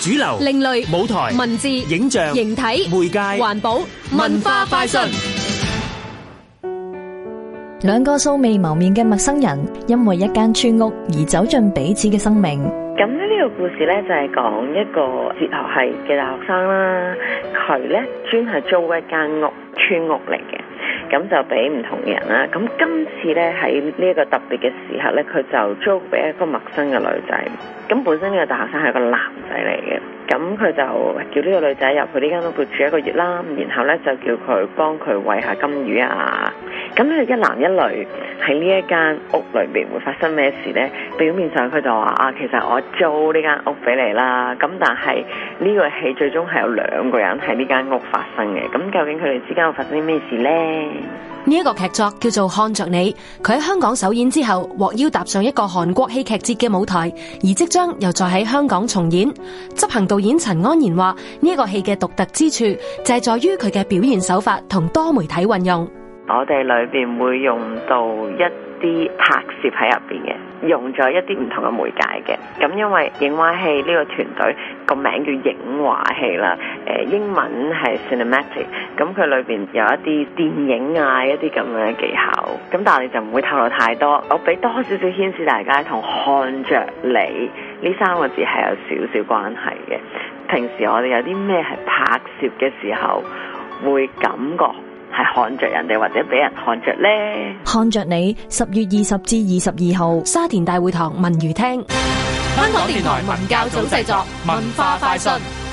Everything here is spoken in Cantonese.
主流、另類舞台、文字、影像、形體、媒介、環保、文化快訊。兩個素未謀面嘅陌生人，因為一間村屋而走進彼此嘅生命。咁呢個故事咧，就係講一個哲學系嘅大學生啦。佢咧專係租一間屋，村屋嚟嘅。咁就俾唔同嘅人啦。咁今次呢，喺呢一個特別嘅時刻呢，佢就租俾一個陌生嘅女仔。咁本身呢個大學生係個男仔嚟嘅，咁佢就叫呢個女仔入去呢間屋住一個月啦。然後呢，就叫佢幫佢餵下金魚啊。咁呢一男一女。喺呢一間屋裏面會發生咩事呢？表面上佢就話啊，其實我租呢間屋俾你啦。咁但係呢個戲最終係有兩個人喺呢間屋發生嘅。咁究竟佢哋之間會發生啲咩事呢？呢、這、一個劇作叫做《看着你》，佢喺香港首演之後獲邀踏上一個韓國戲劇節嘅舞台，而即將又再喺香港重演。執行導演陳安然話：呢、這、一個戲嘅獨特之處就係在於佢嘅表現手法同多媒體運用。我哋裏邊會用到一啲拍攝喺入邊嘅，用咗一啲唔同嘅媒介嘅。咁因為影畫戲呢個團隊個名叫影畫戲啦，誒英文係 cinematic，咁佢裏邊有一啲電影啊，一啲咁樣嘅技巧。咁但係就唔會透露太多，我俾多少少 h i 大家同看着你呢三個字係有少少關係嘅。平時我哋有啲咩係拍攝嘅時候會感覺？係看着人哋或者俾人看着呢，看着你。十月二十至二十二號，沙田大會堂文娛廳。香港電台文教組製作，作，文化快訊。